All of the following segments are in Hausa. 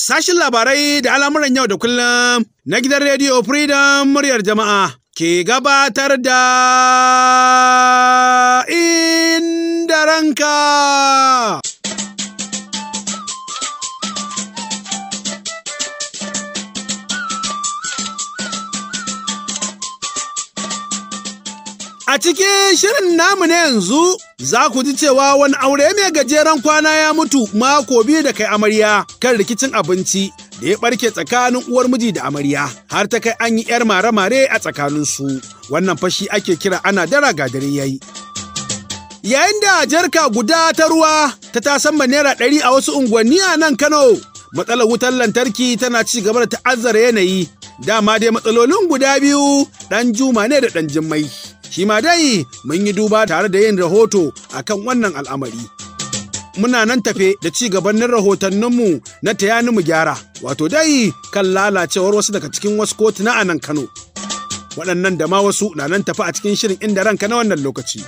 Sashin labarai da al'amuran yau da kullum na gidan rediyo Freedom muryar jama'a ke gabatar da inda ranka. A cikin shirin namu na yanzu za ku ji cewa wani aure mai gajeren kwana ya mutu mako biyu da kai amarya kan rikicin abinci da ya barke tsakanin uwar miji da amarya har ta kai an yi 'yar mare-mare a tsakaninsu. Wannan fashi ake kira ana dara ya yayi. Yayin da jarka guda ta ruwa ta tasamma naira ɗari a wasu unguwanni a nan Kano, matsalar wutar lantarki tana ci gaba da ta'azzara yanayi. Dama dai matsalolin guda biyu ɗan juma ne da ɗan jimmai. shi ma dai mun yi duba tare da yin rahoto akan wannan al'amari. Muna nan tafe da ci gabanin rahotanninmu na ni mu gyara, wato dai kan lalacewar wasu daga cikin wasu kotuna a nan Kano. Waɗannan da ma wasu na nan tafi a cikin shirin inda ranka na wannan lokaci.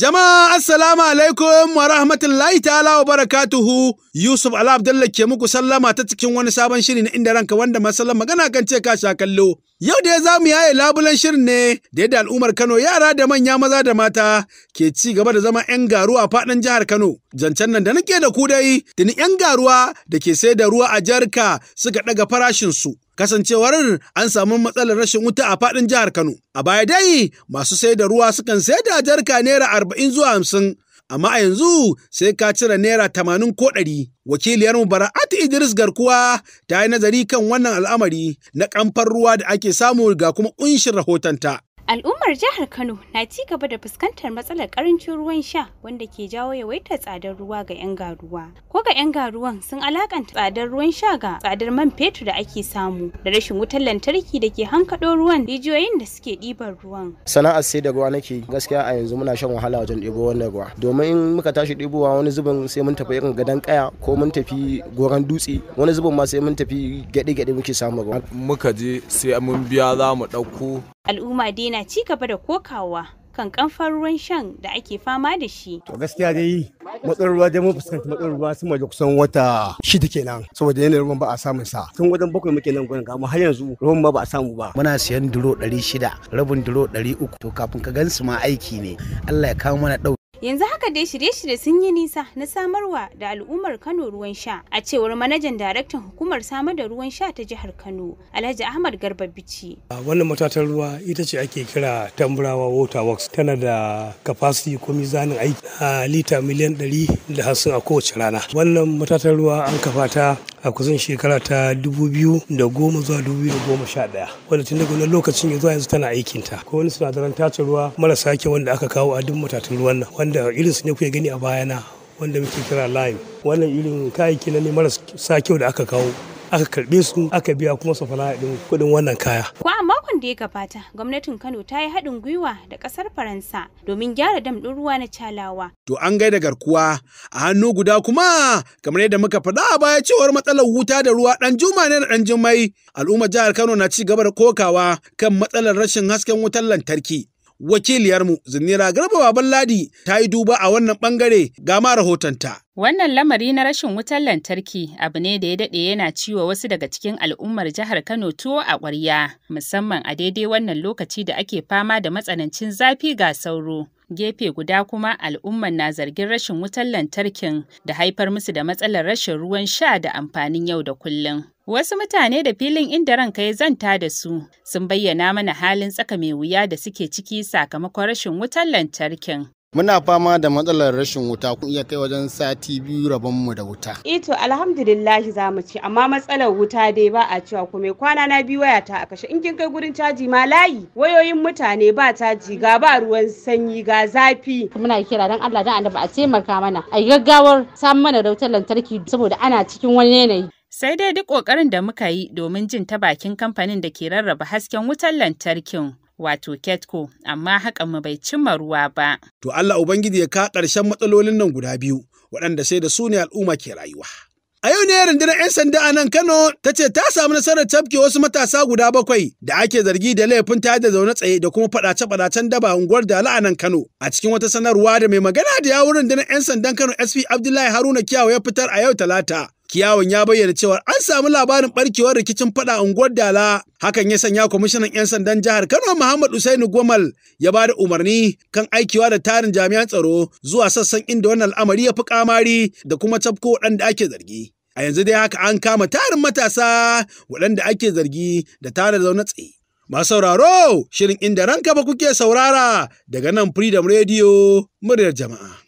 Jama'a assalamu alaikum wa rahmatullahi ta'ala wa barakatuhu Yusuf Ala ke muku sallama ta cikin wani sabon shiri na inda ranka wanda masallan magana kan ce ka sha kallo. Yau dai za mu yaye labulen shirin ne da yadda al'ummar Kano yara da manya maza da mata ke ci gaba da zama 'yan garuwa a faɗin jihar Kano. Zancen nan da nake da ku dai, tuni 'yan garuwa da ke sai da ruwa a jarka suka ɗaga farashinsu. Kasancewar an samu matsalar rashin wuta a faɗin jihar Kano. A baya dai masu sai da ruwa sukan sayar da jarka naira arba'in zuwa hamsin amma a yanzu sai ka cire naira tamanin ko ɗari. wakiliyar Wakiliyarmu Bara'atu Idris Garkuwa ta yi nazari kan wannan al'amari na ƙamfar ruwa da ake samu ga kuma ƙunshin rahotonta. Al'ummar jihar Kano na ci gaba da fuskantar matsalar karancin ruwan sha wanda ke jawo yawaitar tsadar ruwa ga 'yan garuwa. Ko ga 'yan garuwan sun alakanta tsadar ruwan sha ga tsadar man fetur da ake samu da rashin wutar lantarki da ke hankaɗo ruwan rijiyoyin da suke ɗiban ruwan. Sana'ar sai da ruwa nake gaskiya a yanzu muna shan wahala wajen ɗebo wannan ruwa. Domin in muka tashi ɗibowa, wani zubin sai mun tafi irin gadon ƙaya ko mun tafi goran dutse wani zubin ma sai mun tafi gaɗe-gaɗe muke samun ruwa. Muka je sai mun biya za mu ɗauko. Al'umma dai na ci gaba da kokawa kan kamfan ruwan shan da ake fama da shi. To gaskiya dai matsalar ruwa dai mun fuskanci matsalar ruwa sun da kusan wata shida kenan saboda yanayin ruwan ba a samun sa. Tun wajen bakwai muke nan gurin kama har yanzu ruwan ma ba a samu ba. Muna siyan duro ɗari shida rabin duro ɗari uku to kafin ka gansu ma aiki ne Allah ya kawo mana ɗau. Yanzu haka dai shirye-shirye sun yi nisa na samarwa da al'ummar Kano ruwan sha, a cewar manajan daraktan hukumar samar da ruwan sha ta jihar Kano, Alhaji Ahmad Garba Bici. Wannan matatar ruwa ita ce ake kira Tamburawa Water Works tana da capacity ko mizanin aiki a lita miliyan 150 a kowace rana. Wannan matatar ruwa an kafa ta a kusan shekara ta dubu biyu da goma zuwa dubu biyu da goma sha ɗaya wanda tun daga wani lokacin ya zuwa yanzu tana aikin ta ko wani sinadaran tace ruwa marasa kyau wanda aka kawo a duk matatun ruwan nan wanda su ne kuke gani a bayana wanda muke kira lime wannan irin kayayyaki na ne marasa kyau da aka kawo aka karbe su aka biya kuma su safana din kudin wannan kaya ko a makon da ya gabata gwamnatin Kano ta yi haɗin gwiwa da ƙasar Faransa domin gyara dam ɗin ruwa na Calawa to an da garkuwa a hannu guda kuma kamar yadda muka faɗa a baya cewar matsalar wuta da ruwa ɗan juma ne da ɗan jimai al'ummar jihar Kano na ci gaba da kokawa kan matsalar rashin hasken wutar lantarki wakiliyarmu Zinira Garba Ladi ta yi duba a wannan bangare ga ma rahotonta. Wannan lamari na rashin wutar lantarki abu ne da ya daɗe yana ciwo wasu daga cikin al'ummar jihar Kano tuwo a ƙwarya, musamman a daidai wannan lokaci da ake fama da matsanancin zafi ga sauro. Gefe guda kuma al'umman na zargin rashin wutar lantarkin da haifar musu da matsalar rashin ruwan sha da amfanin yau da kullum. Wasu mutane da filin inda ranka ya zanta da su sun bayyana mana halin tsaka mai wuya da suke ciki sakamakon rashin wutar lantarkin. Muna fama da matsalar rashin wuta kun iya kai wajen sati biyu rabon mu da wuta. Ito eh alhamdulillahi za mu ce amma matsalar wuta dai ba a cewa kuma kwana na biyu waya ta a kashe in kin kai gurin caji ma layi wayoyin mutane ba caji ga ba ruwan sanyi ga zafi. Muna kira dan Allah dan ba a taimaka mana a gaggawar samun mana da wutar lantarki saboda ana cikin wani yanayi. Sai dai duk ƙoƙarin da muka yi domin jin ta bakin kamfanin da ke rarraba hasken wutar lantarkin. Wato ketko amma hakan mu bai cimma ruwa ba. To Allah Ubangiji ya ka karshen matsalolin nan guda biyu, waɗanda sai da su ne al'umma ke rayuwa. A yau ne rundunar 'yan sanda a nan Kano ta ce ta samu nasarar tafke wasu matasa guda bakwai da ake zargi da laifin ta da zaune tsaye da kuma faɗace-faɗacen daba unguwar da a nan Kano. A cikin wata sanarwa da mai magana da yawun rundunar 'yan sandan Kano SP Abdullahi Haruna Kiyawa ya fitar a yau Talata. Kiyawan ya bayyana cewa an samu labarin barkewar rikicin fada unguwar Dala, hakan ya sanya kwamishinan 'yan sandan jihar Kano Muhammad Usainu Gomal ya ba da umarni kan aikiwa da tarin jami'an tsaro zuwa sassan inda wannan al'amari ya fi kamari da kuma tafko waɗanda ake zargi. A yanzu dai haka an kama tarin matasa waɗanda ake zargi da tara zaune tsaye. Masu sauraro, shirin inda ranka ba kuke saurara daga nan Freedom Radio muryar jama'a.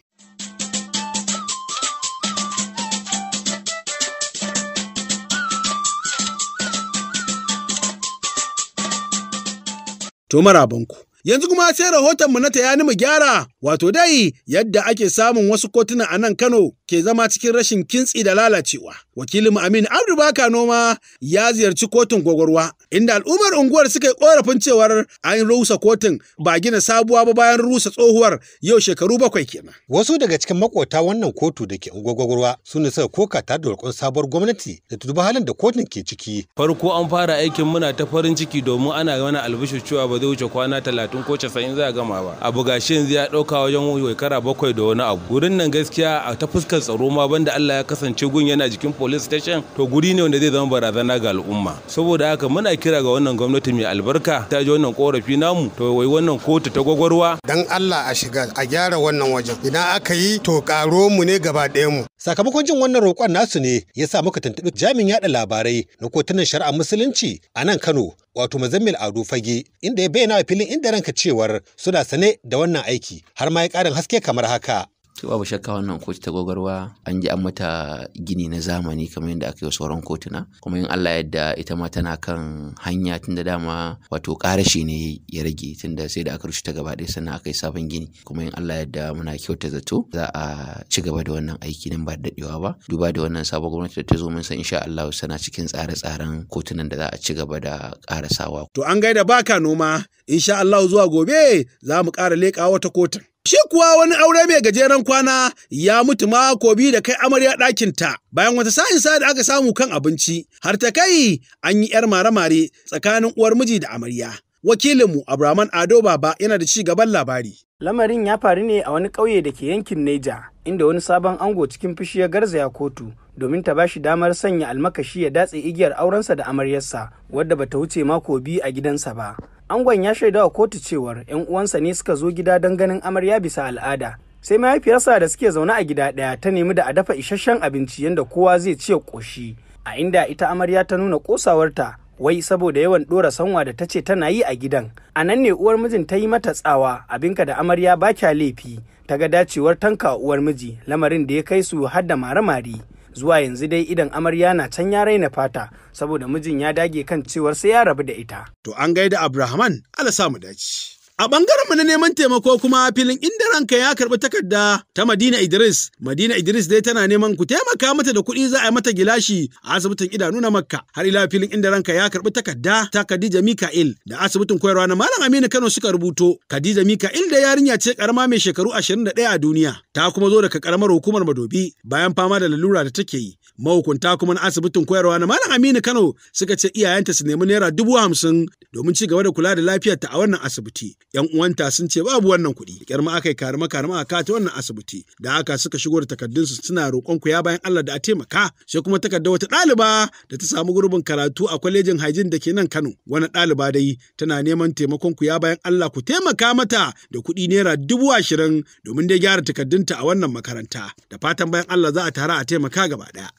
to marabanku. Yanzu kuma sai rahotonmu na tayani mu gyara, wato dai yadda ake samun wasu kotuna a nan Kano ke zama cikin rashin kintsi da lalacewa. Wakilin Amin Abdu Baka Noma ya ziyarci kotun gwagwarwa, inda al'ummar unguwar suka yi korafin cewar an rusa kotun ba gina sabuwa ba bayan rusa tsohuwar yau shekaru bakwai kenan. Wasu daga cikin makota wannan kotu da ke unguwar gwagwarwa su ne suka koka ta da roƙon sabuwar gwamnati da ta duba halin da kotun ke ciki. Farko an fara aikin muna ta farin ciki domin ana mana albishir cewa ba zai wuce kwana talatin talatin ko casa'in za gama ba abu gashi yanzu ya dauka wajen waikara bakwai da wani abu gurin nan gaskiya a ta fuskar tsaro ma banda Allah ya kasance gun yana jikin police station to guri ne wanda zai zama barazana ga al'umma saboda haka muna kira ga wannan gwamnati mai albarka ta ji wannan korafi namu to wai wannan kotu ta gwagwarwa dan Allah a shiga a gyara wannan wajen idan aka yi to karo mu ne gaba ɗayan mu Sakamakon jin wannan roƙon nasu ne ya sa muka tuntuɓi jamin yaɗa labarai na kotunan shari'a musulunci a nan Kano wato Mazammil Ado Fage inda ya bayyana filin inda ranka cewar suna sane da wannan aiki har ma ya ƙarin haske kamar haka. to babu shakka wannan kotu ta gogarwa an ji an mata gini na zamani kamar yadda aka yi sauran kotuna kuma in Allah yadda ita ma tana kan hanya tun da dama wato karashi ne ya rage tun da sai da aka rushe ta gaba ɗaya sannan aka yi sabon gini kuma in Allah yadda muna kyauta zato za a ci gaba da wannan aiki nan ba da daɗewa ba duba da wannan sabon gwamnati da ta zo mun san insha Allah sana cikin tsare-tsaren kotunan da za a ci gaba da ƙarasawa. To an gaida baka noma insha Allah zuwa gobe za mu ƙara leƙa wata kotun. Shi kuwa wani aure mai gajeren kwana ya mutu mako biyu da kai amarya ɗakin ta bayan wata sa'in sa da aka samu kan abinci har ta kai an yi ‘yar mare-mare tsakanin uwar miji da amarya. Wakilinmu Abraman Ado Baba yana da ci gaban labari. Lamarin ya faru ne a wani ƙauye da ke yankin Neja, inda wani sabon ango cikin fushi ya garzaya kotu domin ta bashi damar sanya almakashi ya datse igiyar aurensa da amaryarsa wadda bata wuce mako biyu a gidansa ba. Angon ya shaida wa kotu cewar 'yan uwansa ne suka zo gida don ganin amarya bisa al'ada. Sai mahaifiyarsa da suke zaune a gida ɗaya ta nemi da a dafa isasshen abinci yadda kowa zai ci ya ƙoshi. A inda ita amarya ta nuna ƙosawarta wai saboda yawan ɗora sanwa da ta ce tana yi a gidan a nan ne uwar mijin ta yi mata tsawa abinka da amarya ba kya laifi ta ga dacewar tanka uwar miji lamarin da ya kai su har da mare-mare zuwa yanzu dai idan amarya na can ya raina fata saboda mijin ya dage kan cewar sai ya rabu da ita to an gaida abrahaman ala samu dace A bangaren mu na neman taimako kuma filin inda ranka ya karbi takarda ta Madina Idris. Madina Idris dai tana neman ku taimaka mata da kuɗi za a yi mata gilashi a asibitin idanu na Makka. Har ila filin inda ranka ya karɓi takarda ta Khadija Mika'il da asibitin koyarwa na Malam Aminu Kano suka rubuto. Khadija Mika'il da yarinya ce karama mai shekaru 21 a duniya. Ta kuma zo daga karamar hukumar Madobi bayan fama da lalura da take yi. Mahukunta kuma na asibitin koyarwa na Malam Aminu Kano suka ce iyayenta su nemi naira dubu hamsin domin ci gaba da kula da lafiyarta a wannan asibiti. yan uwanta sun ce babu wannan kuɗi kyar ma aka yi karama karama a kata wannan asibiti da aka suka shigo da takardunsu suna roƙon ku ya bayan Allah da a taimaka sai kuma takarda wata ɗaliba da ta samu gurbin karatu a kwalejin hajin da ke nan Kano wani ɗaliba dai tana neman taimakon ku ya bayan Allah ku taimaka mata da kuɗi naira dubu ashirin domin dai gyara takardunta a wannan makaranta da fatan bayan Allah za a tara a taimaka gaba ɗaya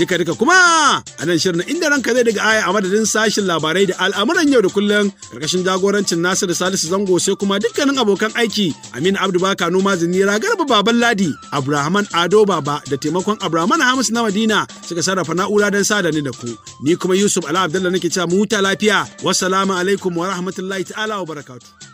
duka duka kuma a nan shirin inda ranka zai daga aya a madadin sashin labarai da al'amuran yau da kullum karkashin jagorancin da Salisu Zango sai kuma dukkanin abokan aiki Aminu Abdu Baka Noma Zinira Garba Baban Ladi Abrahaman Ado Baba da taimakon Abrahaman Hamis na Madina suka sarrafa na'ura don da ni da ku ni kuma Yusuf Ala Abdullahi nake cewa mu huta lafiya wassalamu alaikum wa rahmatullahi ta'ala wa barakatuh